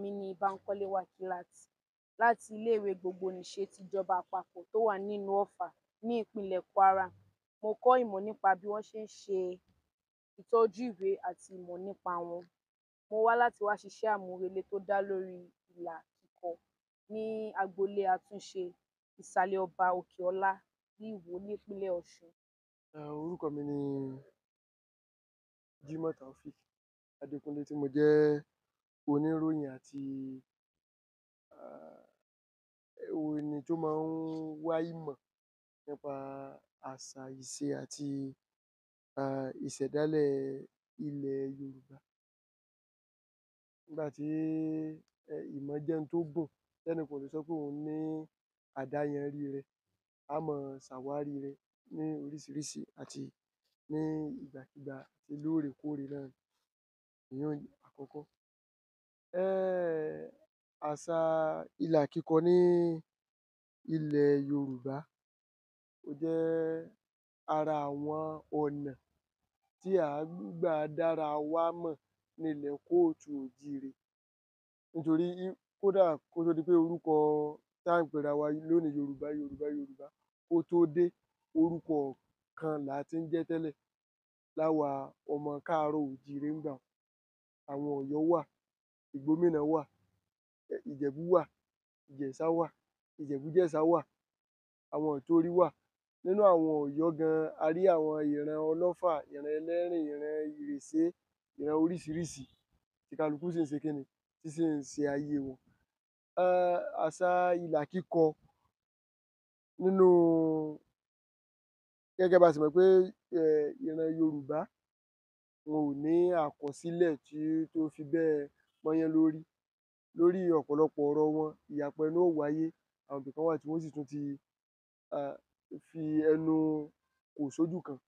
mi ni bankole wakilat láti iléèwé gbogbonìṣe tìjọba àpapọ tó wà nílùú ọfà nípínlẹ kwara mo kọ ìmọ nípa bí wọn ṣe ń ṣe ìtọjú ìwé àti ìmọ nípa wọn mo wá láti wá ṣiṣẹ àmúrelé tó dá lórí ìlà kíkọ ní agboolé àtúnṣe ìsàlẹ ọba òkèọlá níwó nípínlẹ ọsùn. orúkọ mi ni jimoh taofeek adékúnlé tí mo jẹ oníròyìn àti um eh, ẹni eh, tó máa ń wá ìmọ̀ nípa àṣà, ìṣe àti um ìṣẹ̀dálẹ̀ ilẹ̀ Yorùbá. Nígbà tí ìmọ̀ jẹ́ ohun tó gùn, tẹ́nìkan ò lè sọ pé òun ní àdáyanrí rẹ̀, á máa ṣàwárí rẹ̀ ní oríṣiríṣi àti ní ìgbàkigbà lóòrèkóòrè náà ni. Ìyun-ùn àkọ́kọ́. Ẹ́, eh, àṣà ilà kíkọ ní ilẹ̀ Yorùbá ó jẹ́ ara àwọn ọ̀nà tí à ń gbà dára wa mọ̀ n'ile kóòtù oòjíire nítorí kódà kó tó di pé orúkọ tá à ń pera wa lónìí Yorùbá Yorùbá Yorùbá kó tó dé orúkọ kan là á ti ń jẹ́ tẹ́lẹ̀ láwa ọmọ káàárọ̀ ojiri nígbà awọn àwọn Ọ̀yọ́ wà ìgbómìnà wà ìjẹ̀bú wà ìjẹ̀ṣà wà ìjẹ̀bújẹ̀ṣà wà àwọn ìtorí wà nínú àwọn ọ̀yọ́ gan a rí àwọn ìran ọlọ́fà ìran ẹlẹ́rìn ìran ìrèsé ìran oríṣiríṣi tí kálukú sì ń ṣe kíni tí sì ń ṣe ayé wọn. um àṣà ilà kíkọ nínú gẹ́gẹ́ ba ṣe mọ̀ pé ìran Yorùbá wọn ò ní àkọsílẹ̀ tí tó fi bẹ́ẹ̀ pọ́nyán lórí lórí ọ̀pọ̀lọpọ̀ ọ̀rọ̀ wọn ìyapa ẹnu ó wáyé àwọn ibìkan wà tí wọ́n sì tún ti um fi ẹnu kò sójú kan.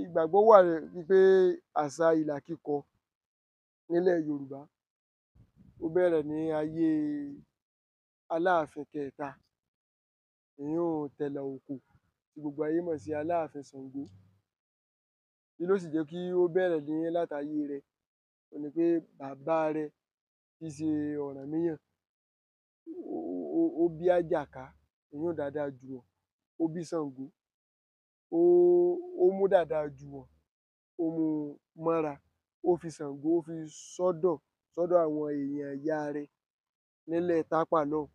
Ìgbàgbọ́ wà wípé àṣà ilà kíkọ nílẹ̀ Yorùbá ó bẹ̀rẹ̀ ní ayé Aláàfin kẹẹ̀ta ìyún-ùn Tẹ̀là-Òkò tí gbogbo ayé mọ̀ sí Aláàfin Ṣàngó. Kí ló sì jẹ́ kí ó bẹ̀rẹ̀ ní látayé rẹ̀? òhun ni pé bàbá rẹ̀ tí í ṣe Ọ̀rànmíyàn ó bí Àjàká ìyún un dáadáa jù wọ́n ó bí Ṣàngó ó mú dáadáa jù wọ́n ó mú un mọ́ra ó fi Ṣàngó ó fi sọ́dọ̀ sọ́dọ̀ àwọn èèyàn ìyá rẹ̀ nílẹ̀ tápà lọ́hùn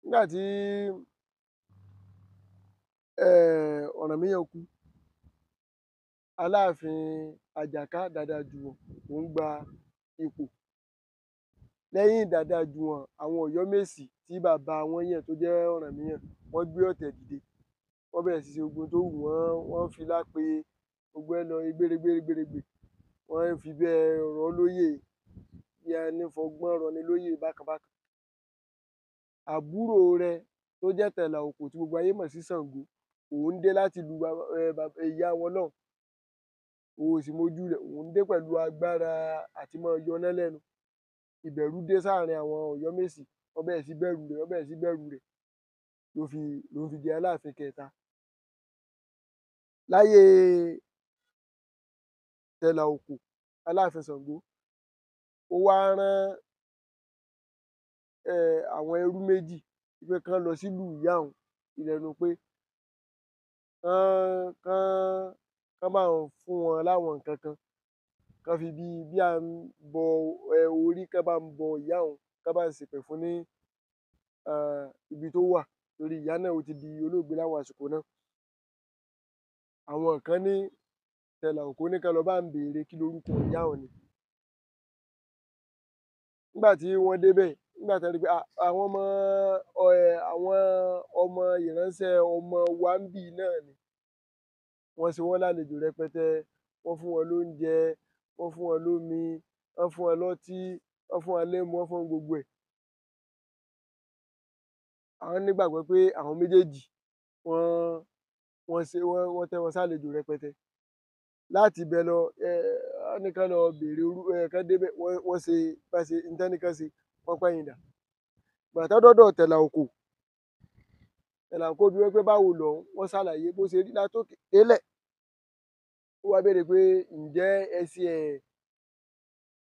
Nígbà tí um Ọ̀rànmíyàn kú Aláàfin àjàká Dàda-Jùwọ̀n òun gba ipò lẹ́yìn Dàda-Jùwọ̀n àwọn Ọ̀yọ́mèsì tí bàbá wọn yàn tó jẹ́ Ọ̀rànmíyàn wọ́n gbé ọ̀tẹ̀ dìde wọ́n bẹ̀rẹ̀ sí ṣe gbogbo ohun tó wù wọ́n wọ́n filá pe gbogbo ẹ̀ lọ gbéregbéregbèrègbè wọ́n fi bẹ́ẹ̀ rọ̀ ọ́ lóyè bí ẹni fọgbọ́n rọni lóyè bákan bákan àbúrò rẹ̀ tó jẹ́ tẹ̀là òkò tí gbogbo ayé mọ̀ sí Ṣàngó òun dé láti ìlú eh, ìyá wọn lọ́hùn òòsì mojú rẹ̀ òun dé pẹ̀lú agbára àti máa yọná lẹ́nu ìbẹ̀rù dé sáàrin àwọn ọ̀yọ́mèsì wọ́n bẹ̀rẹ̀ sí bẹ̀rù rẹ̀ wọ́n bẹ̀rẹ̀ sí bẹ̀rù rẹ̀ ló fi ló fi di aláàfin kẹta. láyé tẹ̀làòkò aláàfin ṣàngó ó wá rán um àwọn ẹrú méjì pé kán lọ sílùú ìyá òun ìrẹ̀rùn pé kán kán kán bá wọn fún wọn láwọn nǹkan kan kán fi bí bí à ń bọ um orí kán bá ń bọ ìyá òun kán bá ń ṣèpè fún ní ibi tó wà torí ìyá náà ó ti di olóògbé láwọn àsìkò náà. Àwọn kan ní Tẹ̀làǹkó ní kán lọ bá ń béèrè kí lorúkọ ìyá òun ni. Nígbà tí wọ́n débẹ̀ nígbà tán rí pé um àwọn ọmọ um àwọn ọmọ ìránṣẹ́ ọmọ wa ńbí náà ni wọ́n ṣe wọ́n lálejò rẹpẹtẹ wọ́n fún wọn lóúnjẹ wọ́n fún wọn lómi wọ́n fún wọn lọ́tí wọ́n fún wọn lẹ́mu wọ́n fún wọn gbogbo ẹ̀. àwọn nígbàgbọ́ pé àwọn méjèèjì wọ́n wọ́n ṣe wọ́n wọ́n tẹ́ wọn sálejò rẹpẹtẹ láti ibẹ̀ lọ ẹnìkan lọ béèrè orú ẹ̀ẹ̀kan débẹ̀ wọ́n ṣe bá ṣe ní tẹ́nìkan ṣe wọ́n pẹ́yìn dà gbàtà dọ́dọ̀ tẹ̀là òkò ẹ̀làǹkó bí wọ́n pé báwo lọ́hún wọ́n ṣàlàyé bó ṣe rí látòkè délẹ̀ ó wá béèrè pé ǹjẹ́ ẹsẹ̀ ẹ̀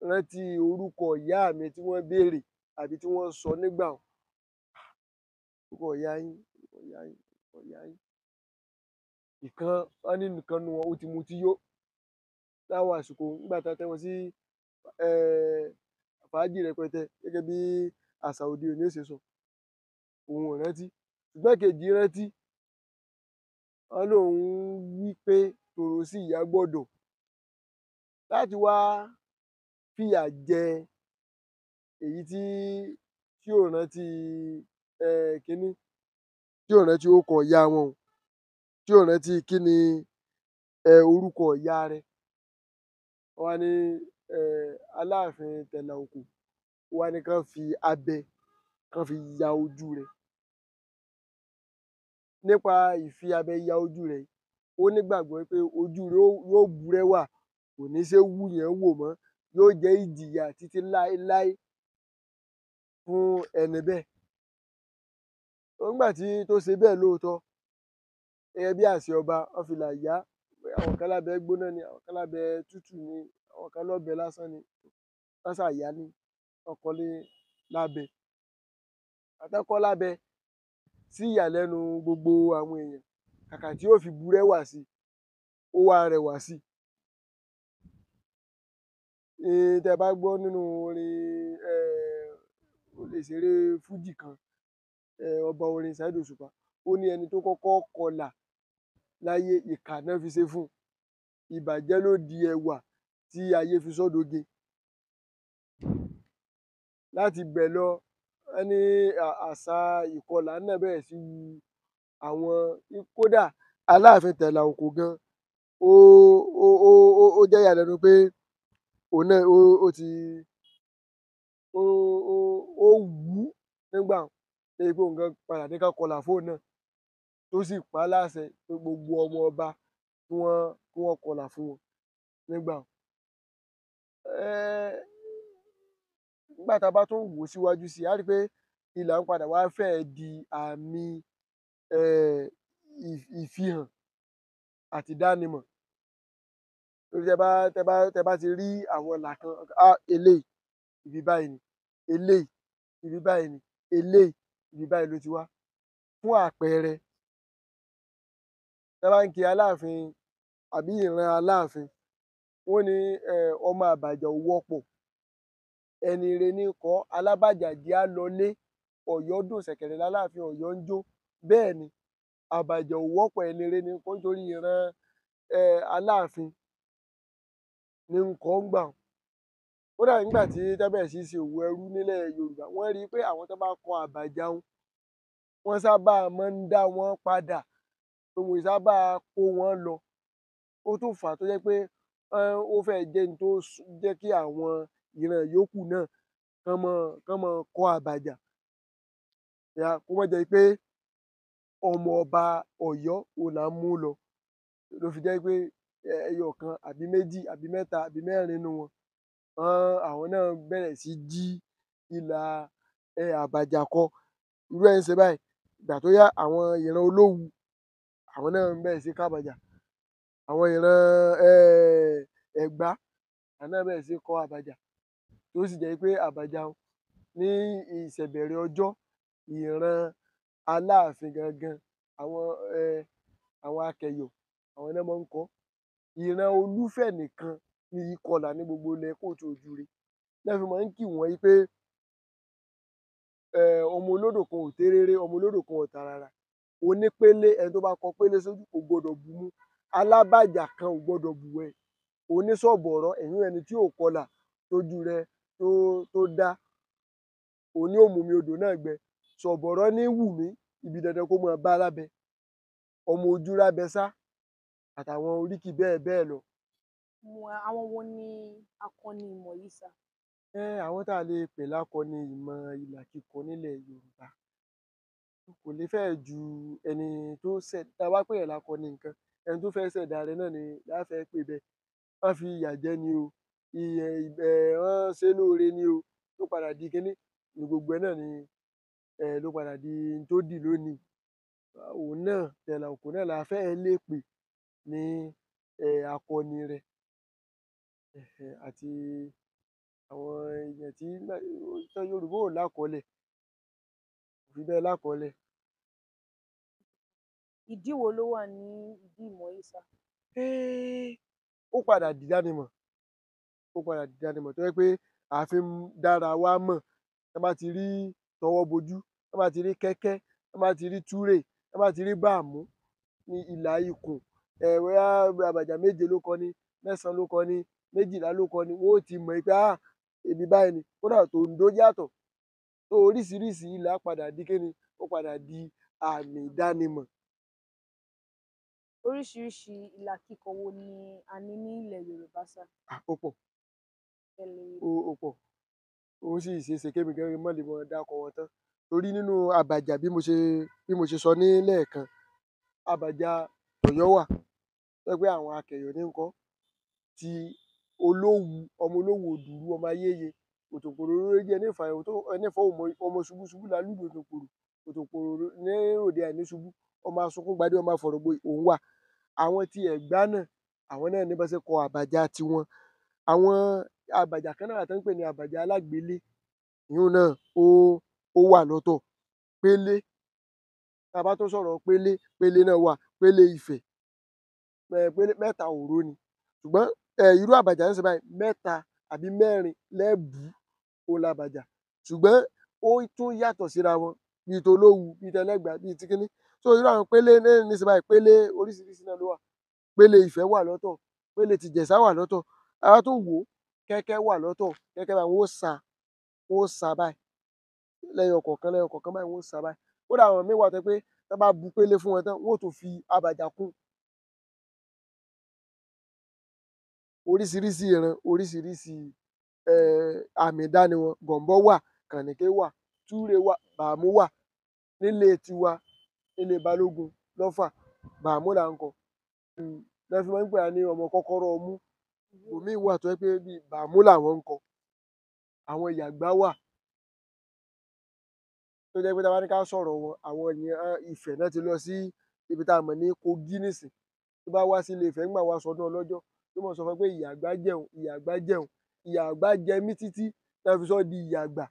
rántí orúkọ ìyá mi tí wọ́n béèrè àbí tí wọ́n sọ nígbà wọn orúkọ ìyá yín orúkọ ìyá yín orúkọ ìyá yín ìkan wọn ní nìkan nu wọn ó ti mutí yó láwọn àsìkò nígbà tá a tẹ wọn sí fàájì rẹpẹtẹ gẹ́gẹ́ bí àṣà òde òní ó ṣe sọ òun ò rántí igbákejì rántí wọn lòun wí pé tòrò sí ìyá gbọ́dọ̀ láti wá fìyà jẹ èyí tí tí ò rántí um kínní tí ò rántí orúkọ ìyá wọn o tí ò rántí kí ni orúkọ ìyá rẹ̀ wọ́n wá ní um Aláàfin Tẹ̀làòkò ó wá ní kán fi abẹ kán fi ya ojú rẹ̀ nípa ìfi abẹ ya ojú rẹ̀ yìí ó nígbàgbọ́ pé ojú rẹ̀ yóò bu rẹwà kò ní ṣe é wù yẹn wò mọ́ yóò jẹ́ ìjìyà títí láéláé fún ẹni bẹ́ẹ̀ nígbà tí tó ṣe bẹ́ẹ̀ lóòótọ́ gẹ́gẹ́ bí àṣẹ ọba wọ́n fi là yá àwọn kan lábẹ́ gbóná ni àwọn kan lábẹ́ tútù ni àwọn kan lọ́bẹ lásán ni wọ́n ṣà yá ni wọ́n kọ́ lábẹ àtọ́kọ́ lábẹ sí ìyàlẹ́nu gbogbo àwọn èèyàn kàkà tí yóò fi burẹ́wà sí ó wá rẹwà sí. tẹ́ bá gbọ́ nínú orin òṣèré fújì kan ọba orin Saheed Òṣùpá ó ní ẹni tó kọ́kọ́ kọlà láyé ìkà náà fi ṣe fún un ìbàjẹ́ ló di ẹwà tí ayé fi sọ́dọ̀ge láti bẹ̀ lọ wọ́n ní àṣà ìkọlà náà bẹ̀rẹ̀ sí wu àwọn kódà Aláàfin Tẹ̀làùkò gan ó ó ó ó jẹ́ ìyàlẹ́nu pé òun náà ó ó ti ó ó ó wù ú nígbà débi pé òun gan padà ní kán kọlà fóun náà tó sì pa á láṣẹ pé gbogbo ọmọ ọba kí wọ́n kí wọ́n kọlà fún nígbà nígbà tá a bá tún wò ó síwájú sí i á rí i pé ìlà ń padà wá fẹ́ di àmì ìfihàn àti ìdánimọ̀ torí tẹ bá tẹ bá tẹ bá ti rí àwọn ìlà kan á eléyìí ibi báyìí ni eléyìí ibi báyìí ni eléyìí ibi báyìí ló ti wá fún àpẹẹrẹ tẹ bá ń kí aláàfin àbí ìran aláàfin wọn ní ọmọ àbàjá ò wọ́pọ̀ ẹni ire ní kọ ọ alábàjàdí ọyọ dùn ṣẹ̀kẹ̀rẹ̀ lálàáfin ọyọ ń jó bẹ́ẹ̀ ni àbàjẹ ò wọ́pọ̀ ẹni ire ní kọ nítorí ìran aláàfin ní kọ ń gbà kódà nígbà tí tábẹ̀ sí ṣe òwò ẹrú nílẹ̀ Yorùbá wọ́n rí i pé àwọn tó bá kọ àbàjá wọn wọ́n sábà máa ń dá wọn padà òun sábà kó wọn lọ ó tún fà á tó jẹ́ pé ó fẹ́ jẹ́ ní tó jẹ́ kí àwọn ìran yòókù náà kán mọ kán mọ kọ àbàjà ya kó má jẹ́ pé ọmọ ọba Ọ̀yọ́ òun là ń mú lọ ló fi jẹ́ pé ẹyọ kan àbí méjì àbí mẹ́ta àbí mẹ́rin nínú wọn um àwọn náà bẹ̀rẹ̀ sí jí ìlà Àbàjà kọ irú ẹ̀ ń ṣe báyìí ìgbà tó yá àwọn ìran Olówu àwọn náà bẹ̀rẹ̀ sí kábàjà àwọn ìran um àwọn náà bẹ̀rẹ̀ sí kọ Àbàjà tó sì jẹ́ pé Àbàjá ní ìṣẹ̀bẹ̀rẹ̀ ọjọ́ ìran Aláàfin gangan àwọn um àwọn akẹ̀yọ̀ àwọn ná mọ́ ń kọ Ìran Olúfẹ̀ nìkan ní ìkọlà ní gbogbo ilẹ̀ kóòtù òjúre ná fi mọ́ ń kì wọ́n pé ọmọ olódò kan ò téréré ọmọ olódò kan ò ẹni tó bá kọ pélé sójú kò gbọdọ̀ kan ò gbọdọ̀ ẹni tí ò kọlà rẹ̀ tó tó dá òun ni ó mú mi odò náà gbẹ ṣọ̀bọ̀rọ̀ ní wù mí ibi dandan kó máa bá lábẹ ọmọ ojú lábẹ sá àtàwọn oríkì bẹ́ẹ̀ bẹ́ẹ̀ lọ. àwọn wo ni akọni ìmọ̀ yìí sà. ẹ àwọn tá a lè pè lákọni ìmọ̀ ìlà kíkọ nílẹ̀ Yorùbá kò lè fẹ́ ju ẹni tó ṣẹ̀ tá a pè yàn lákọni nǹkan ẹni tó fẹ́ ṣẹ̀dá rẹ̀ náà ni la fẹ́ pè bẹ́ẹ̀ má fi ìyà jẹ ni o wọ́n ṣe lóore ni o ló padà di kinní ni gbogbo ẹ̀ náà ni um ló padà di n tó dì lónìí òun náà Stella Oko náà la fẹ́ẹ̀ lè pè ní um akọni rẹ̀ um àti àwọn èèyàn tí Yorùbá ò lákọọ́lẹ̀ kò bẹ́ẹ̀ lákọọ́lẹ̀. Ìdí wo ló wà ní ìdí ìmọ̀ Ìsà? um ó padà dìdánimọ̀ ó padà dànìmọ̀ tó jẹ́ pé àfi ń dára wa mọ̀ tá bá ti rí tọwọ́ bojú tá bá ti rí kẹ́kẹ́ tá bá ti rí túrè tá bá ti rí báàmú ní ìlà ikùn um bóyá àbàjá méje ló kọ ni mẹ́sàn-án ló kọ ni méjìlá ló kọ ni wọ́n ó ti mọ̀ pé um ibi báyìí ni kódà tòǹdó yàtọ̀ so oríṣiríṣi ilà padà di ni ó padà di àmì ìdánimọ̀. Oríṣiríṣi ìlà kíkọ wo ni a ní ní ilẹ̀ Yorùbá sà? Ó pọ̀ Ó ó pọ̀, ó sì ṣe é ṣe kémi gan má lè mọ dárúkọ wọn tán torí nínú abàjà bí mo ṣe bí mo ṣe sọ ní lẹ́ẹ̀kan, abàjà Ọ̀yọ́ wà tó jẹ́ pé àwọn Akẹ̀yọ̀ ní ń kọ ọ́, ti Olówu ọmọ Olówu Òdùrú ọmọ Ayéye, Òtòpòrò lóró jẹ́ Ẹnífàá Ẹnífàá ọmọ ṣubúṣubú la lùlù Òtòpòrò, Òtòpòrò ní ròde àìníṣubú, ọmọ asunkúngbadé ọmọ afọ̀rọ̀gboyè òun wà. Àwọn ti Ẹ̀gbá náà, àwọn náà ní bọ́n ṣe ń kọ abàjà tiwọn. Àwọn àbàjá kan náà tó ń pè ní àbàjá alágbélé ìyún náà ó ó wà lọ́tọ̀ pélé tá a bá tó sọ̀rọ̀ pélé pélé náà wà pélé ìfẹ́ pélé mẹ́ta òró ni ṣùgbọ́n irú àbàjá ń ṣe báyìí mẹ́ta àbí mẹ́rin lẹ́bùú ó làbàjá ṣùgbọ́n ó tún yàtọ̀ síra wọn bíi tolówu bíi tẹlẹ́gbàá bíi tíkíní so irú àwọn pélé ní ṣe báyìí pélé oríṣiríṣi náà ló wà pélé ìfẹ́ wà lọ́tọ̀ pélé tìjẹ̀ṣà wà lọ́tọ̀ àwa tún wò ó kẹ́kẹ́ wà lọ́tọ̀ kẹ́kẹ́ báyìí wọ́n sa wọ́n sa báyìí lẹ́yọ kọ̀ọ̀kan lẹ́yọ kọ̀ọ̀kan báyìí wọ́n sa báyìí kódà àwọn míì wà tó pé tó bá bu pélé fún wọn tán wọ́n tó fi abàjà kún oríṣiríṣi ìran oríṣiríṣi àmì ìdánimọ̀ wọn gọ̀m̀bọ́ wà kànìké wà túre wà bàámú wà nílé tiwa nílé balógun lọ́fà bàámú là ń kọ lọ́fíìmọ́ ń pè á ní ọmọ kọ́kọ́rọ́ ọmú bòmí wà tó jẹ́ pé bíi bàámú làwọn ń kọ àwọn ìyàgbá wà tó jẹ́ pé tá a bá ní ká sọ̀rọ̀ wọn àwọn èèyàn Ifẹ̀ náà ti lọ sí ibi tá a mọ̀ ní Kogi nísìn tó bá wá sí Ilé Ifẹ̀ nígbà wá sọdún ọlọ́jọ́ yóò mọ̀ sọ fún ẹ pé ìyàgbá jẹun ìyàgbá jẹun ìyàgbá jẹ mí títí tá a fi sọ di ìyàgbà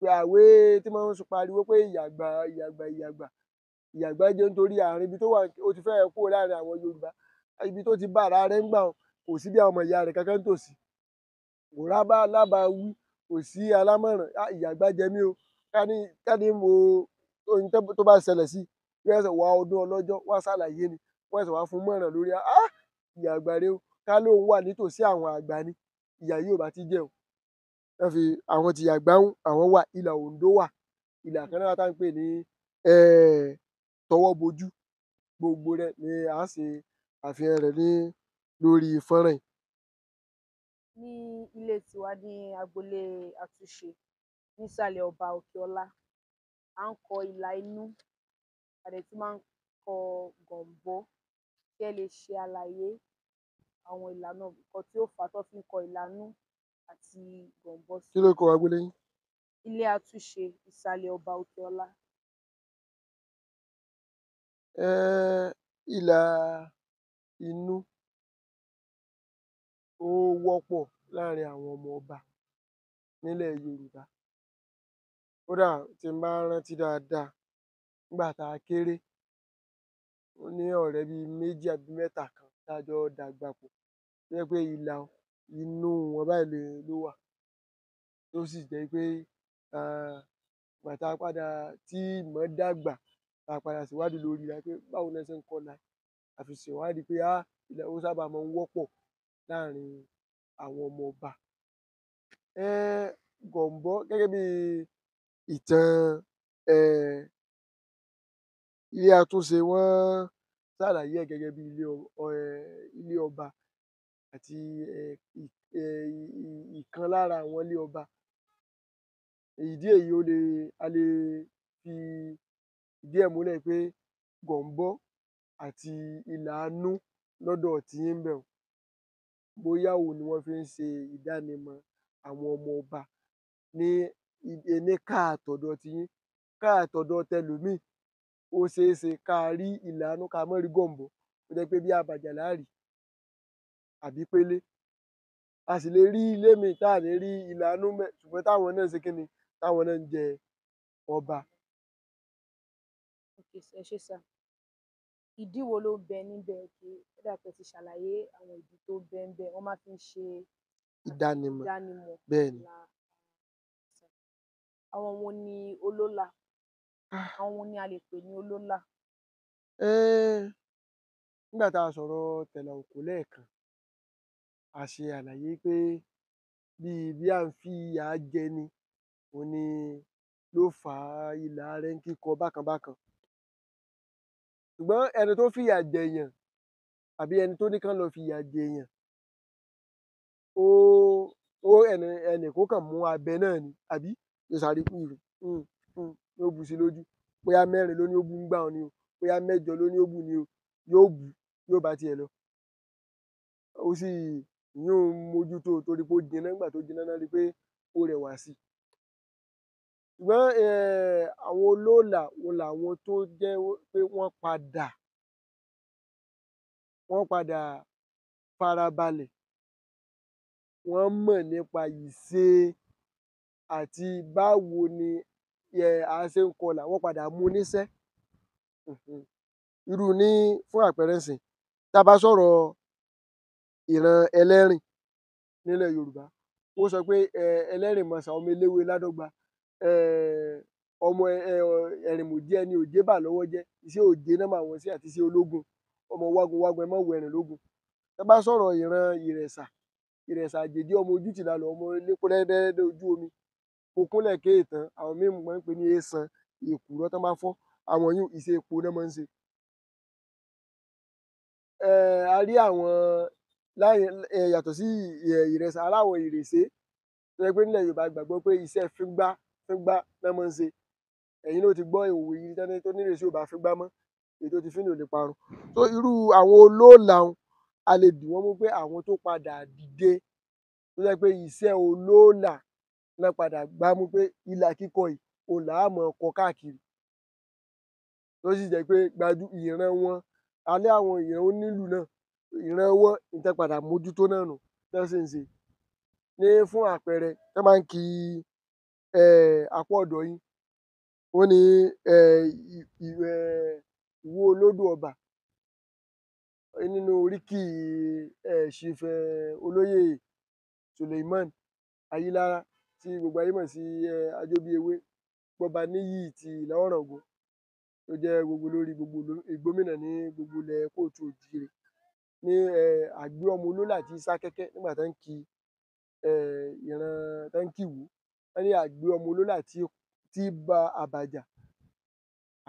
pé àwé tí wọ́n ń pariwo pé ìyàgbà ìyàgbà ìyàgbà ìyàgbá jẹ nítorí àárín ibi tó wà ó ti fẹ́ẹ̀ kúrò láàrin àwọn Yorùbá ibi tó ti bá ara ń gbà kò sí bí àwọn ọmọ ìyá rẹ̀ kankan tòsí kò rábà lábà wí kò sí alámọ̀ràn ìyàgbá jẹ mí o káni káni mo ohun tó bá ṣẹlẹ̀ sí yóò ẹsẹ̀ wá ọdún ọlọ́jọ́ wá ṣàlàyé ni wọ́n ẹsẹ̀ wá fún mọ̀ràn lórí ah ìyàgbá rẹ o ká lóun wà nítòsí àwọn àgbà ni ìyà yóò bá ti jẹ o wọ́n fi àwọn ti ìyàgbá ń àwọn wà ìlà Oǹdó wà ìlà kan náà tá à ń pè ní tọwọ́ bojú gbogbo rẹ̀ ni à ń ṣe àfihàn rẹ̀ ní lórí fọ́nrán yìí. ní ilé tiwa ní agboolé àtúnṣe nísàlẹ̀ ọba òkèọlá à ń kọ ìlà inú a dẹ̀ tún máa ń kọ gọ̀m̀bó kí ẹ lè ṣe àlàyé àwọn ìlà náà nǹkan tí ó fà á tán fi ń kọ ìlà inú àti gọ̀m̀bó. kí lórúkọ agboolé yín? ilé àtúnṣe ìsàlẹ̀ ọba òkèọlá. um ìlà inú wọ́pọ̀ láàrin àwọn ọmọ ọba nílẹ̀ Yorùbá kódà tí n bá rántí dáadáa nígbà tá a kéré mo ní ọ̀rẹ́ bí méjì àbí mẹ́ta kan tá a jọ dàgbà pọ̀ tó jẹ́ pé ìlà inú wọn báyìí ló wà tó sì jẹ́ pé um ìgbà tá a padà tí ìmọ̀ dàgbà tá a padà ṣèwádìí lórí rẹ̀ pé báwo ni wọ́n ṣe ń kọlà a fi ṣèwádìí pé um ilẹ̀ Haúsá máa ń wọ́pọ̀ láàrin àwọn ọmọ ọba. um Gọ̀m̀bọ́ gẹ́gẹ́ bí ìtàn um ilé Atúnṣe wọ́n ṣàlàyé ẹ̀ gẹ́gẹ́ bí ilé um ilé ọba àti um ìkan lára àwọn ilé ọba. Ìdí èyí ó le a le fi ìdí ẹ̀ múlẹ̀ pé Gọ̀m̀bọ́ àti Ìláàánú lọ́dọ̀ tiyín ńbẹ̀ un bóyá òhun ni wọ́n fi ń ṣe ìdánimọ̀ àwọn ọmọ ọba ní ní káà tọ̀dọ̀ tiyín káà tọ̀dọ̀ tẹlòmíì ó ṣeé ṣe káa rí ìláàánú káa má rí gọ̀m̀bọ́ tó jẹ́ pé bí àbàjá lá rìí àbí pélé a sì le rí ilé míì táà ní rí ìláàánú ńbẹ̀ ṣùgbọ́n táwọn náà ṣe kí ni táwọn náà ń jẹ ọba. ẹ ṣé sà ìdí wo ló ń bẹ níbẹ̀ kí ó dà pé ti ṣàlàyé àwọn ìdí tó ń bẹ níbẹ̀ wọ́n máa fi ń ṣe ìdánimọ̀ ìdánimọ̀ bẹ́ẹ̀ni àwọn wo ni olólà ah. àwọn wo ni a lè pè ní olólà. um nígbà tá a sọ̀rọ̀ tẹ̀là òkú lẹ́ẹ̀kan a ṣe àlàyé pé bíi bí à ń fìyà jẹni òhun ni ló fà á ilà rẹ̀ ń kíkọ bákan bákan ṣùgbọ́n ẹni tó fìyà jẹ̀yàn àbí ẹni tó ní kán lọ fìyà jẹ̀yàn ó ó ẹnì ẹnì kó kàn mú abẹ náà ni àbí yóò sáré kú ìrè hmm, hmm, yóò bu sí lójú bóyá mẹ́rin ló ní ó bu ń gbà wọn ni o bóyá mẹ́jọ ló ní ó bu ni o yóò bu yóò bá tiẹ̀ lọ ó sì yóò mójútó torí pé ó jiná nígbà tó jiná náà rí i pé ó rẹwà sí i ṣùgbọn um àwọn olóólà òun làwọn tó jẹ pé wọn padà wọn padà farabalẹ wọn mọ nípa ìṣe àti báwo ni um a ṣe ń kọlà wọn padà mú un níṣẹ um irú ní fún àpẹẹrẹ ńsìn tá a bá sọ̀rọ̀ ìran ẹlẹ́rìn nílẹ̀ Yorùbá wọ́n sọ pé um ẹlẹ́rìn mọ̀sà ọmọ eléwé ládọ́gba um ọmọ eh, ẹrìnmòjé ẹni òjé bà lọ́wọ́ jẹ́ iṣẹ́ òjé ná máa wọ́n sí àti iṣẹ́ ológun ọmọ wágunwágun ẹ má wo ẹ̀rìn lógun tá bá sọ̀rọ̀ ìran ìrẹ̀sà ìrẹ̀sà àjèjì ọmọ ojú ti dàlọ́ ọmọ elépo rẹ́rẹ́rẹ́ ojú omi okúnlẹ̀ kéètàn àwọn míì máa ń pè ní èèsàn èkùrọ́ tán bá fọ́ àwọn yìí iṣẹ́ epo náà máa ń ṣe. um a rí àwọn yàtọ̀ sí ìrẹ̀sà aláwọ̀ ìrèsé tó jẹ́ pé nílẹ̀ Yorùbá a gbàgbọ́ pé iṣẹ́ fígbá fígbá náà máa ń ṣe ẹ̀yin ló ti gbọ́ ìwòye yìí tẹ́lẹ̀ tó nílé sí ò fígbá mọ́ ètò ti fínà lè parun tó irú àwọn olóòlàhùn a lè dì wọ́n mú pé àwọn tó padà dìde tó jẹ́ pé iṣẹ́ olóòlà náà padà gbá mú pé ìlà kíkọ yìí òun là á káàkiri tó sì jẹ́ pé gbajú ìran wọn alẹ́ àwọn ìran onílù náà ìran wọn ìtẹ́ padà mójútó náà nù tẹ́sí ń ṣe ní fún àpẹẹrẹ tẹ́ máa ń kí i. Eh, àpò ọ̀dọ̀ yín wọ́n ní eh, eh, ìwó olódò ọba nínú oríkì chief olóyè Suleiman Ayílára tí gbogbo ayé mọ̀ sí Ajóbíewé Gbọ́baníyì ti Ìlá Ọ̀ràngún tó jẹ́ gbogbo olórí gbogbo gómìnà ní gbogbo ilẹ̀ kóòtù òjíire ní àgbé ọmọ olólà tí ń sá kẹ́kẹ́ nígbà tán ń ki ìran tán ń kìwó. wọ́n ní àgbẹ̀ ọmọ olólà tí ba àbàjà,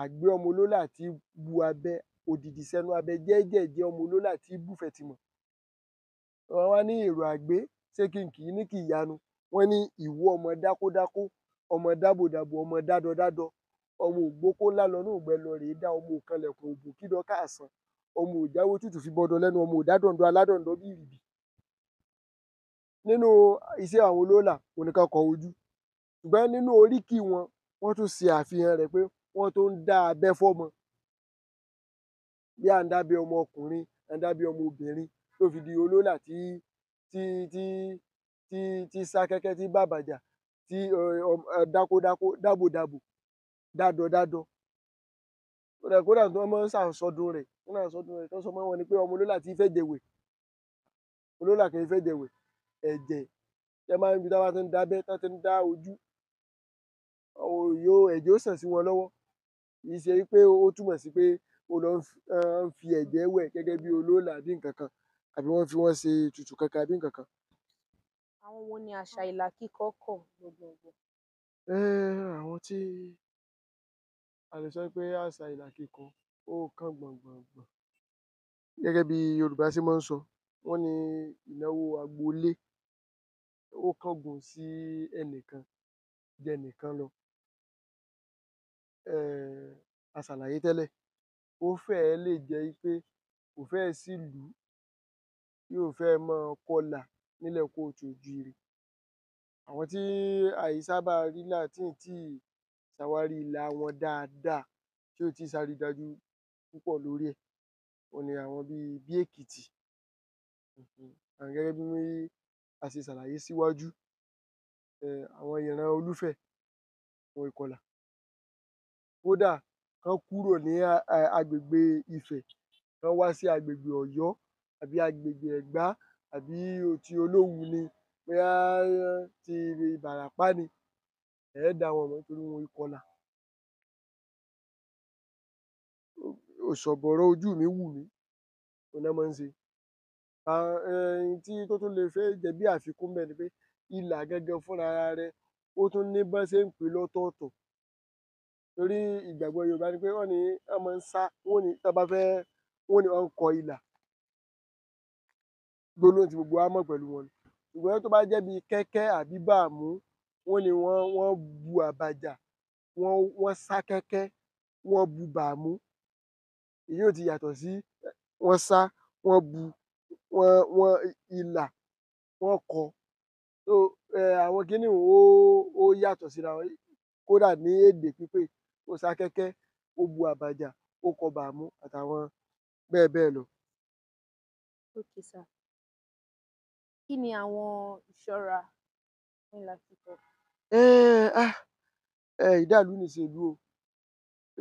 àgbẹ̀ ọmọ olólà tí bu abẹ́ òdìdì sẹ́nu abẹ jẹ́ẹ́jẹ̀ẹ́jẹ́ ọmọ olólà tí búfẹ̀ tìmọ̀. Wọ́n wá ní èrò àgbẹ̀ sé kí n kì í ní kì yanu, wọ́n ní ìwọ ọmọ dákódákó, ọmọ dábòdàbò, ọmọ dádọdádọ, ọmọ ògbókó ńlá lọnú ìgbẹ́ lọ rèé dá, ọmọ òkanlẹ̀kùn òbòkídọ káàsán, ọmọ òjáwé tútù fi bọdọ lẹ́nu, ọmọ òdádọ̀ndọ̀ aládọ̀ndọ̀ bí ìrìbì. Nínú iṣẹ́ àwọn olólà òhun ni kọ ojú ṣùgbọ́n nínú oríkì wọn wọ́n tún ṣe àfihàn rẹ̀ pé wọ́n tó ń dá abẹ́ fọ́mọ bí à ń dábẹ́ ọmọ ọkùnrin à ń dábẹ́ ọmọ obìnrin tó fi di olólà tí tí tí tí tí sá kẹ́kẹ́ tí bàbàjà tí dákódákó dábòdábò dádọdádọ kódà kódà tí wọ́n máa ń ṣàsọdún rẹ̀ wọ́n máa ń ṣàsọdún rẹ̀ tó sọ mọ́ wọn ni pé ọmọ olólà tí fẹ́ jẹ̀wẹ̀ olólà kì í fẹ́ jẹ̀wẹ̀ ẹ̀jẹ̀ tẹ́ máa ń bi táwa ti ń dábẹ́ tá ti ń dá ojú òòyò ẹ̀jẹ̀ ó sàn sí wọn lọ́wọ́ kì í ṣe pé ó túmọ̀ sí pé ó lọ ń fi ẹ̀jẹ̀ wẹ̀ gẹ́gẹ́ bí olóòlà àbí nǹkan kan àbí wọ́n fi wọ́n ṣe ètùtù kankan àbí nǹkan kan. Àwọn wo ni àṣà ìlà kíkọ kọ̀ gbogbogbò? um àwọn tí a lè sọ pé àṣà ìlà kíkọ ó kàn gbọ̀ngbọ̀ngbọ̀n gẹ́gẹ́ bí Yorùbá ṣe máa ń sọ wọ́n ní ìnáwó agboolé ó kángun sí ẹnìkan jẹnìkan lọ um eh, a ṣàlàyé tẹ́lẹ̀ ó fẹ́ẹ̀ lè jẹ́ í pé kò fẹ́ẹ̀ sílùú tí ò fẹ́ẹ̀ máa kọlà nílẹ̀ kóòtù oòjíire. Àwọn tí àí sábà rílà tí ì tíì ṣàwárí ìlà wọn dáadáa tí ò tíì sárídájú púpọ̀ lórí ẹ̀ òhun ni àwọn bíi bí Èkìtì um gẹ́gẹ́ bí a ṣe ṣàlàyé síwájú eh, àwọn ìran Olúfẹ̀ wọn è kọlà kódà kán kúrò ní agbègbè Ifẹ̀ kán wá sí agbègbè Ọ̀yọ́ àbí agbègbè Ẹ̀gbá àbí ti Olówu ni bóyá eh, ti Ìbàràpá ni ẹ̀ ẹ́ dá wọn mọ̀ nítorí wọn é kọlà. Òṣọ̀bọ̀rọ̀ ojú mi wù mí òhun ná mọ́ ń ṣe. um tó tún le fẹ́ jẹ́ bí àfikún ńbẹ̀ ni pé ilà gangan fúnrararẹ̀ ó tún ní bọ́n ṣé ń pè é lọ́tọ̀ọ̀tọ̀ torí ìgbàgbọ́ Yorùbá ni pé wọ́n ní wọ́n máa ń sá wọ́n ní tán bá fẹ́ wọ́n ní wọ́n ń kọ ilà gbólóhùn tí gbogbo wa mọ̀ pẹ̀lú wọn ni ṣùgbọ́n tó bá jẹ́ bíi kẹ́kẹ́ àbí bàámú wọ́n ní wọ́n wọ́n bu àbàjà wọ́n wọ́n sá kẹ́kẹ́ wọ́n bu bàámú èyí ò ti yàtọ̀ sí wọ́n sá wọ́n bu wọ́n wọ́n ilà wọ́n kọ so eh, àwọn kíní ó ó yàtọ̀ síra wọn kódà ní èdè pípé ó sákẹ́kẹ́ ó bu àbàjà ó kọ bàámú àtàwọn bẹ́ẹ̀ bẹ́ẹ̀ lọ. Okay sir. Kí ni àwọn ìṣọ́ra ńlá kíkọ? Eh, ah um ìdàlú nìṣèlú o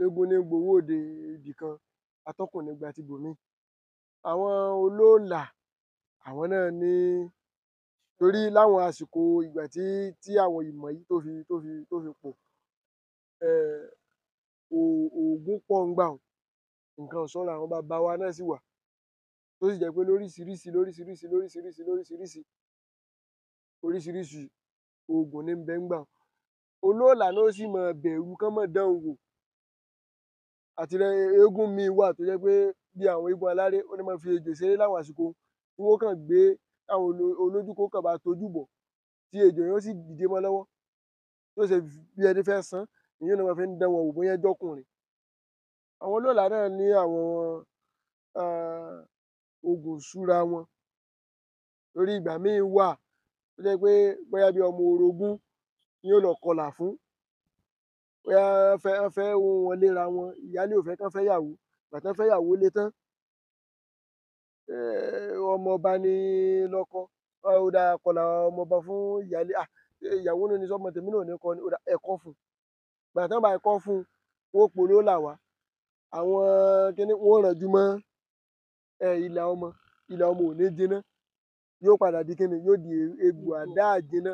eégún ní gbowó òde ibìkan atọ́kùn ní gba tibòmíì àwọn olóòlà àwọn náà ní torí láwọn àsìkò ìgbà tí tí àwọn ìmọ̀ yìí tó fi tó fi tó fi pọ̀ oògùn pọ̀ ńgbà un nǹkan ọ̀sán làwọn bàbá wa náà sì wà tó sì jẹ́ pé lóríṣiríṣi lóríṣiríṣi lóríṣiríṣi lóríṣiríṣi oríṣiríṣi oògùn ní ń bẹ ńgbà un olóòlà náà ó sì mọ bẹ̀rù kán mọ̀ dán wò àti eégún míì wà tó jẹ́ pé bí àwọn eégún aláré ó ní máa fi ejò ṣeré láwọn àsìkò tí wọ́n kàn gbé àwọn olójúkó kàn bá tojú bọ̀ tí ejò yẹn ó sì dìde mọ́ lọ́wọ́ tó ṣe bí ẹni fẹ́ san ìyẹn ni wọn fi ń dán wọn wò bóyá ẹjọkùnrin àwọn olóòlà náà ní àwọn oògùn ìṣúra wọn torí ìgbà míín wà tó jẹ́ pé bóyá bí ọmọ orogún ni yóò lọ kọlà fún bóyá fẹ́ fẹ́ ohun wọn léra wọn ìyáálé ò fẹ́ kán fẹ́ yàwó ìgbà tán fẹ́ yàwó lé tán ọmọọba ni lọ́kọ ó dáa kọlà ọmọọba fún ìyáálé ìyàwó náà ni sọmọ tèmi náà ní kọ ẹ̀kọ́ fún un gbà tán bá kọ́ fún un wọ́n polówó là wá àwọn kíní wọ́n rànjú mọ́ ìlà ọmọ ìlà ọmọ ò ní jiná yóò padà di kíni yóò di egbò àdá àjiná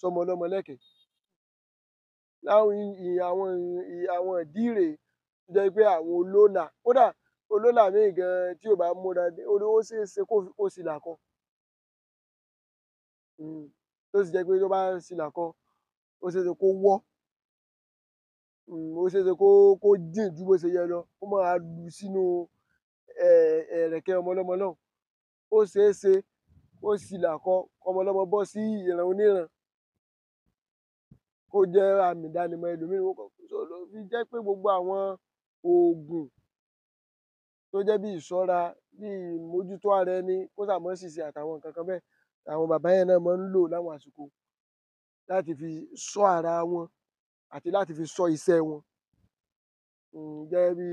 sọmọ ọlọ́mọ lẹ́kẹ̀ẹ́ láwọn àwọn àwọn ìdí rèé tó jẹ́ pé àwọn olólà kódà olólà míì gan tí ò bá múra orí ó ṣeé ṣe kó sì là kọ hmm. tó sì jẹ́ pé tó bá sì là kọ ó ṣeé ṣe kó wọ́ ó ṣeé ṣe kó kó jìn ju bó ṣe yẹ lọ kó máa lu sínú ẹ̀rẹ̀kẹ́ ọmọlọ́mọ náà ó ṣeé ṣe kó sì là kọ ọmọlọ́mọ bọ́ sí ìran oníran kó jẹ́ àmì ìdánimọ̀ ẹlòmíràn ó ló fi jẹ́ pé gbogbo àwọn oògùn tó jẹ́ bí ìṣọ́ra bí ìmójútó ara ẹni kó sà mọ́ ṣìṣe àtàwọn nǹkan kan bẹ́ẹ̀ àwọn bàbá yẹn náà máa ń lò láwọn àsìkò láti fi ṣọ́ ara wọn àti láti fi sọ iṣẹ́ wọn hmm, gẹ́gẹ́ bí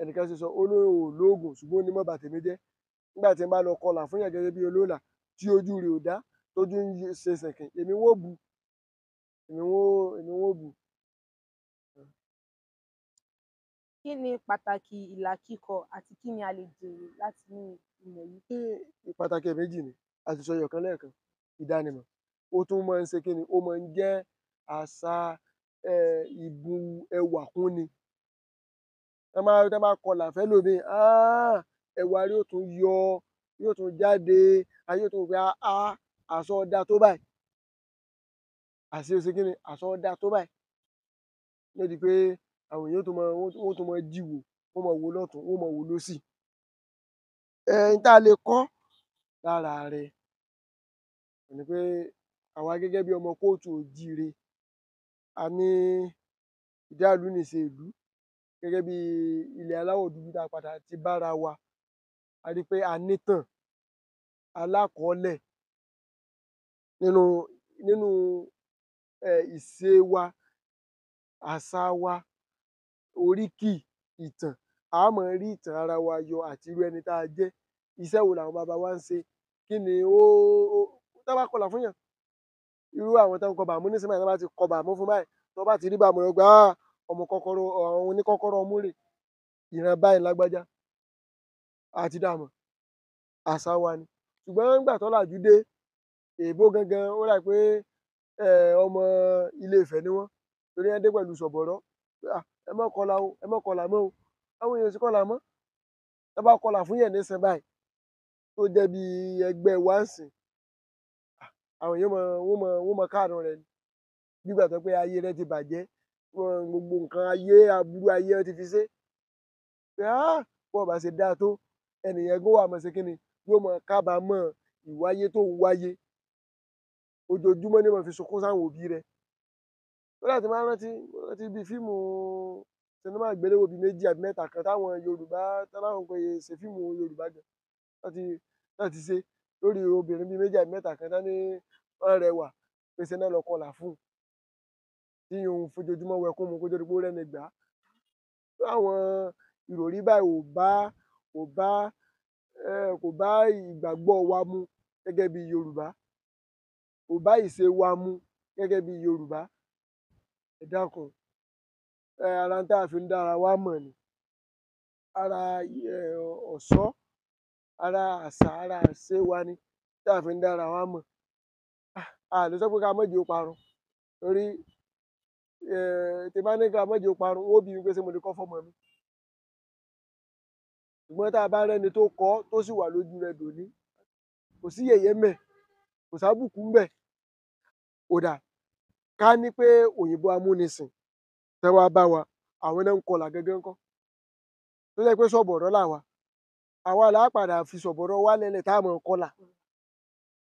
ẹnìkan ṣe sọ ó lóun ò lóògùn ṣùgbọ́n ó ní mọ́ bà tèmi jẹ́ nígbà tí n bá lọ kọlà fún yàn gẹ́gẹ́ bí olóòlà tí ojú rẹ̀ ò dá tójú ń ṣe sẹ̀kìn èmi wọ́n bu èmi wọ́n èmi wọ́n bu. kí ni pàtàkì ìlà kíkọ àti kí ni a lè jèrè láti ní ìmọ̀ yìí. pàtàkì ẹ̀ méjì ni a ti sọ ẹyọ̀kan lẹ́ẹ̀kan ìdánimọ̀ ó tún máa ń ṣe kí ni ó máa ń jẹ́ àṣà Eh, ìbu ẹwà kún ni tán bá tán bá kọlà fẹ́lòmíì háà ẹwà rẹ̀ yóò tún yọ yóò tún jáde ayé yóò tún wò pé háà àsọ da tó báyìí àṣé ó ṣe kí ni àsọ da tó báyìí yóò di pé àwọn èèyàn tún mọ wọ́n tún mọ jí wò wọ́n wò lọ́tùn wọ́n mọ wò lósì um n tá a lè kọ́ lára rẹ̀ ni pé àwa gẹ́gẹ́ bí ọmọ kóòtù ò jíire a ní ìdálùníṣe ìlú gẹ́gẹ́ bí ilẹ̀ aláwọ̀ dúdú tá a padà ti bára wa a rí i pé a nítàn a lákọọ́lẹ̀ nínú nínú um ìṣe wa àṣà wa oríkì ìtàn a ó máa rí ìtàn ara wa yọ àti irú ẹni tá a jẹ́ iṣẹ́ wo làwọn baba wa ń ṣe kí ni ó tán bá kọlà fúnyàn irú àwọn tó ń kọ bàmú nísìnyí tó bá ti kọ bàmú fún báyìí tó bá ti rí bàmú rẹ gbà á ọmọ kọ́kọ́rọ́ ọ̀hún oníkọ́kọ́rọ́ ọmú rè ìran báyìí lágbájá àti dàmọ̀ àṣà wa ni ṣùgbọ́n nígbà tó làjú dé èèbó gangan ó rà pé ọmọ ilé Ifẹ̀ ni wọ́n torí ẹ dé pẹ̀lú ṣọ̀bọ̀rọ̀ ẹ mọ́ kọlà o ẹ mọ́ kọlà mọ́ o àwọn èèyàn sì kọlà mọ́ ẹ bá kọlà fún yẹn ní sẹ́n báyìí tó jẹ́ bí ẹgbẹ́ wáǹsì àwọn èèyàn máa wọ́n máa wọ́n máa káàánú rẹ ni nígbà tó pé ayé rẹ ti bàjẹ́ gbogbo nǹkan ayé aburú ayé rẹ ti fi ṣe pé ah bọ́ọ̀ bá ṣe dáa tó ẹnìyẹn gbọ́ wà mọ̀ sí kínni yóò máa kábàámọ̀ ìwáyé tó ń wáyé ojoojúmọ́ ni mo fi sunkún sáwọn òbí rẹ̀ ó láti máa rántí rántí bíi fíìmù sinimá àgbéléwò bíi méjì àbí mẹ́ta kan táwọn Yorùbá táwọn kò yẹ ṣe fíìmù Yorùbá gan láti láti ṣe lórí obìnrin bíi méjì àbí mẹ́ta kan tání rẹwà níṣẹ náà lọ kọlà fún tí òun fojoojúmọ́ wẹkún mu kójó dípò rẹni gbà á àwọn ìròrí báyìí ò bá ò bá kò bá ìgbàgbọ́ wa mu gẹ́gẹ́ bí Yorùbá kò bá ìṣe wa mu gẹ́gẹ́ bí Yorùbá ẹ dákun ara tá a fi ń dára wa mọ̀ ni ara ọ̀ṣọ́ ara àṣà ara àṣe wa ni tá a fi ń dára wa mọ̀ a lè sọ pé ká mọ̀jì ó parun torí tí bá ní ká mọ̀jì ó parun wọ́n bí mi pé ṣé mo lè kọ́ fọ́mọ mi ṣùgbọ́n tá a bá rẹ́ni tó kọ́ tó sì wà lójú rẹ̀ dòní kò sí yẹ̀yẹ́ mẹ́ kò sábùkù mẹ́ òdà ká ní pé òyìnbó amúnisìn tẹ́wá bá wa àwọn náà ń kọlà gẹ́gẹ́ ńkọ́ tó jẹ́ pé sọ̀bọ̀rọ̀ làwà àwa làá padà fi sọ̀bọ̀rọ̀ wálẹ̀ lẹ̀ tá a mọ̀ kọlà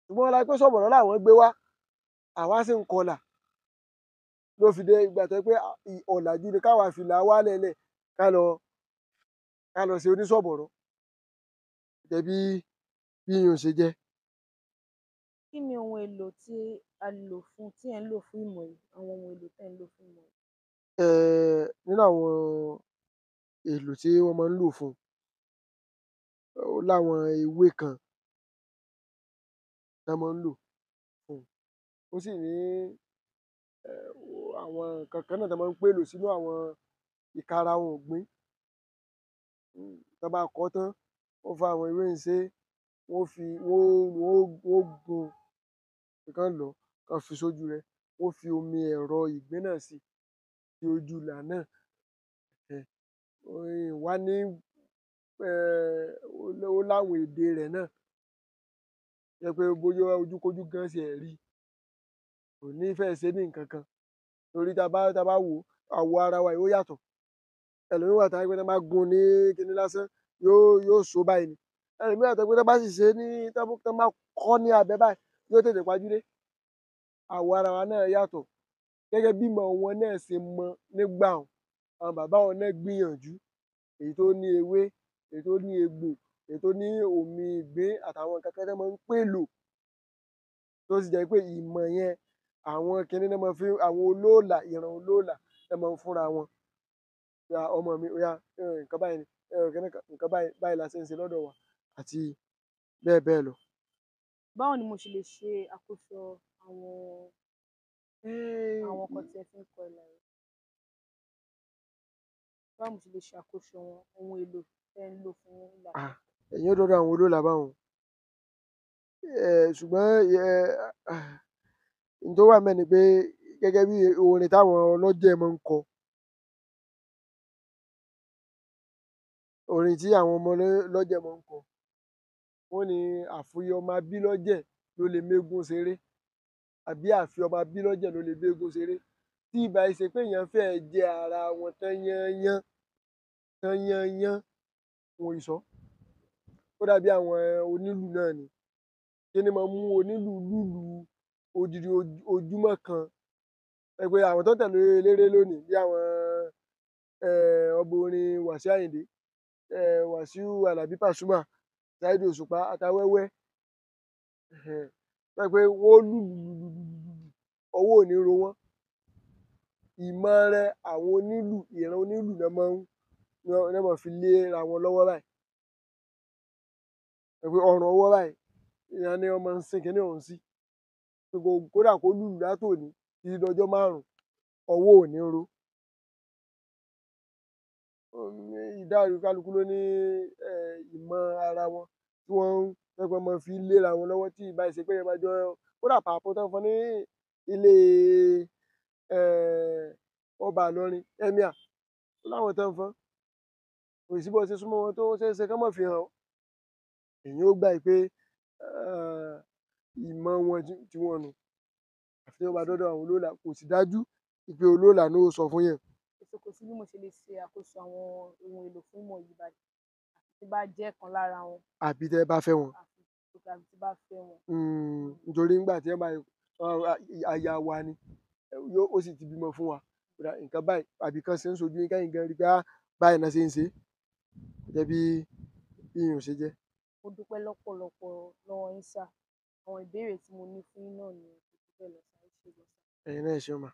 ṣùgbọ́n la pé sọ̀bọ̀rọ̀ làwọn gbé wá àwa sì ń kọlà ló fi dé ìgbà tó pé ọ̀làjú ni káwa fìlà wá lẹ́lẹ̀ ká lọ ká lọ ṣe oníṣọ̀bọ̀rọ̀ jẹ́ bí bí iyùn ṣe jẹ́. kí ni ohun èlò tí a lò fún tí ẹ ń lò fún ìmọ̀ yìí àwọn ohun èlò tẹ́ ń lò fún ìmọ̀ yìí. nínú àwọn èlò tí wọ́n máa ń lò fún un ó láwọn ewé kan tán máa ń lò ó sì ní àwọn nǹkan kan náà tán máa ń pèlò sínú àwọn ìkara ohun ọ̀gbìn hmm, tán bá kọ ọ́ tán wọ́n fa àwọn ewé ń ṣe é wọ́n ó fi wọ́n ó wọ́n ó gun kán lọ̀ ọ́ kán fi sójú rẹ̀ wọ́n fi omi ẹ̀rọ ìgbín náà sí i ojú ìlà náà wá ní ó láwọn èdè rẹ̀ náà tó jẹ́ pé bóyá ojúkójú gan tiẹ̀ rí i kò ní fẹ́ ṣe ní nǹkan kan torí tá a bá tá a bá wò àwọ̀ ara wa yóò yàtọ̀ ẹlòmíì wà táwọn ẹgbẹ́ bá gun ní kinní lásán yóò yóò so báyìí ni ẹlòmíì wà táwọn ẹgbẹ́ bá sì ṣe ní tán bá kọ́ ní abẹ báyìí yóò tètè pajúdé àwọ̀ ara wa náà yàtọ̀ gẹ́gẹ́ bí mọ̀ wọn náà ṣe mọ nígbà wọn àwọn bàbá wọn náà gbìyànjú èyí tó ní ewé èyí tó ní egbò èyí tó ní omi ìgbín àtàwọn nǹkan kan tó máa ń pè lò tó sì jẹ́ pé ìmọ̀ yẹn àwọn kinní náà máa fi àwọn olóòlà ìran olóòlà náà máa fúnra wọn ya ọmọ mi ya nǹkan báyìí ni nǹkan báyìí báyìí la ṣe ń ṣe lọ́dọ̀ wa àti bẹ́ẹ̀ bẹ́ẹ̀ lọ. báwo ni mo ṣe lè ṣe àkóso àwọn àwọn ọkọ tí ẹ fi ń kọ ilà rẹ báwo mo ṣe lè ṣe àkóso wọn ohun èlò tẹ́ ń lò fún ilà. ẹ̀yin ò dọ́dọ̀ àwọn olóòlà báwọn ṣùgbọ́n n tó wà ńbẹ̀ ni pé gẹ́gẹ́ bí orin táwọn ọlọ́jẹ̀ mọ́ ń kọ. Orin tí àwọn ọmọ ọlọ́jẹ̀ mọ́ ń kọ. Wọ́n ní àfi ọmọ abílọ́jẹ̀ ló le méégún ṣeré àbí àfi ọmọ abílọ́jẹ̀ ló le béégún ṣeré. Tí ì bá í ṣe péèyàn fẹ́ẹ̀ ara wọn tán yányán tán yányán wọn è sọ́. Ó dàbí àwọn onílù náà ni. Kí ní mọ́ ń mú onílù lùlù odidi ojúmọ́ kan ẹ pé àwọn tó ń tẹ̀lé eléré lónìí bí àwọn ọba orin Wàsíù Àyìndé Wàsíù Àlàbí Pàsúmà Saheed Òṣùpá Atawẹ́wẹ́ tó pé wọ́n lù ọwọ́ ò ní ro wọ́n ìmọ̀ rẹ àwọn onílù ìran onílù náà fi léra wọn báyìí kódà kó lùlù látòní títí dọjọ́ márùn-ún ọwọ́ ò ní ro ìdáàrí kálukú ló ní ìmọ̀ ara wọn tí wọ́n ń tẹ́gbọ́n mọ fi léra wọn lọ́wọ́ tí ìbá ṣe pé ìbájọ́ kódà pàápọ̀ tán fún ní ilé ọba Ìlọrin emir ó láwọn tán fún kò sí bó ṣe súnmọ́ wọn tó ṣeé ṣe kán mọ̀ fi hàn ọ́ èyí ó gbà pé ìmọ̀ wọn tiwọn nù àfi téèyàn bá dọ́dọ̀ àwọn olóòlà kò sì dájú pé olóòlà ló sọ fún yàn. èso kò sí bí mo ṣe lè ṣe àkóso àwọn ohun èlò fún ìmọ̀ yìí báyìí àfi tí bá jẹ́ kan lára wọn. àbí tẹ́ bá fẹ́ wọn. àfi tí bá fẹ́ wọn. Hmm, nítorí nígbà tí ẹ bá aya wa ni ó sì ti bímọ fún wa nǹkan báyìí àbí kan ṣe ń sojú yín káyìn gan rí pé ah, báyìí náà ṣe ń ṣe jẹ́ bí ṣe jẹ́. mo dúpẹ́ lọ́pọ̀lọpọ̀ lọ́wọ́ yín sáà àwọn ìbéèrè tí mo ní fún yín náà nìyẹn ẹ ṣeun mà.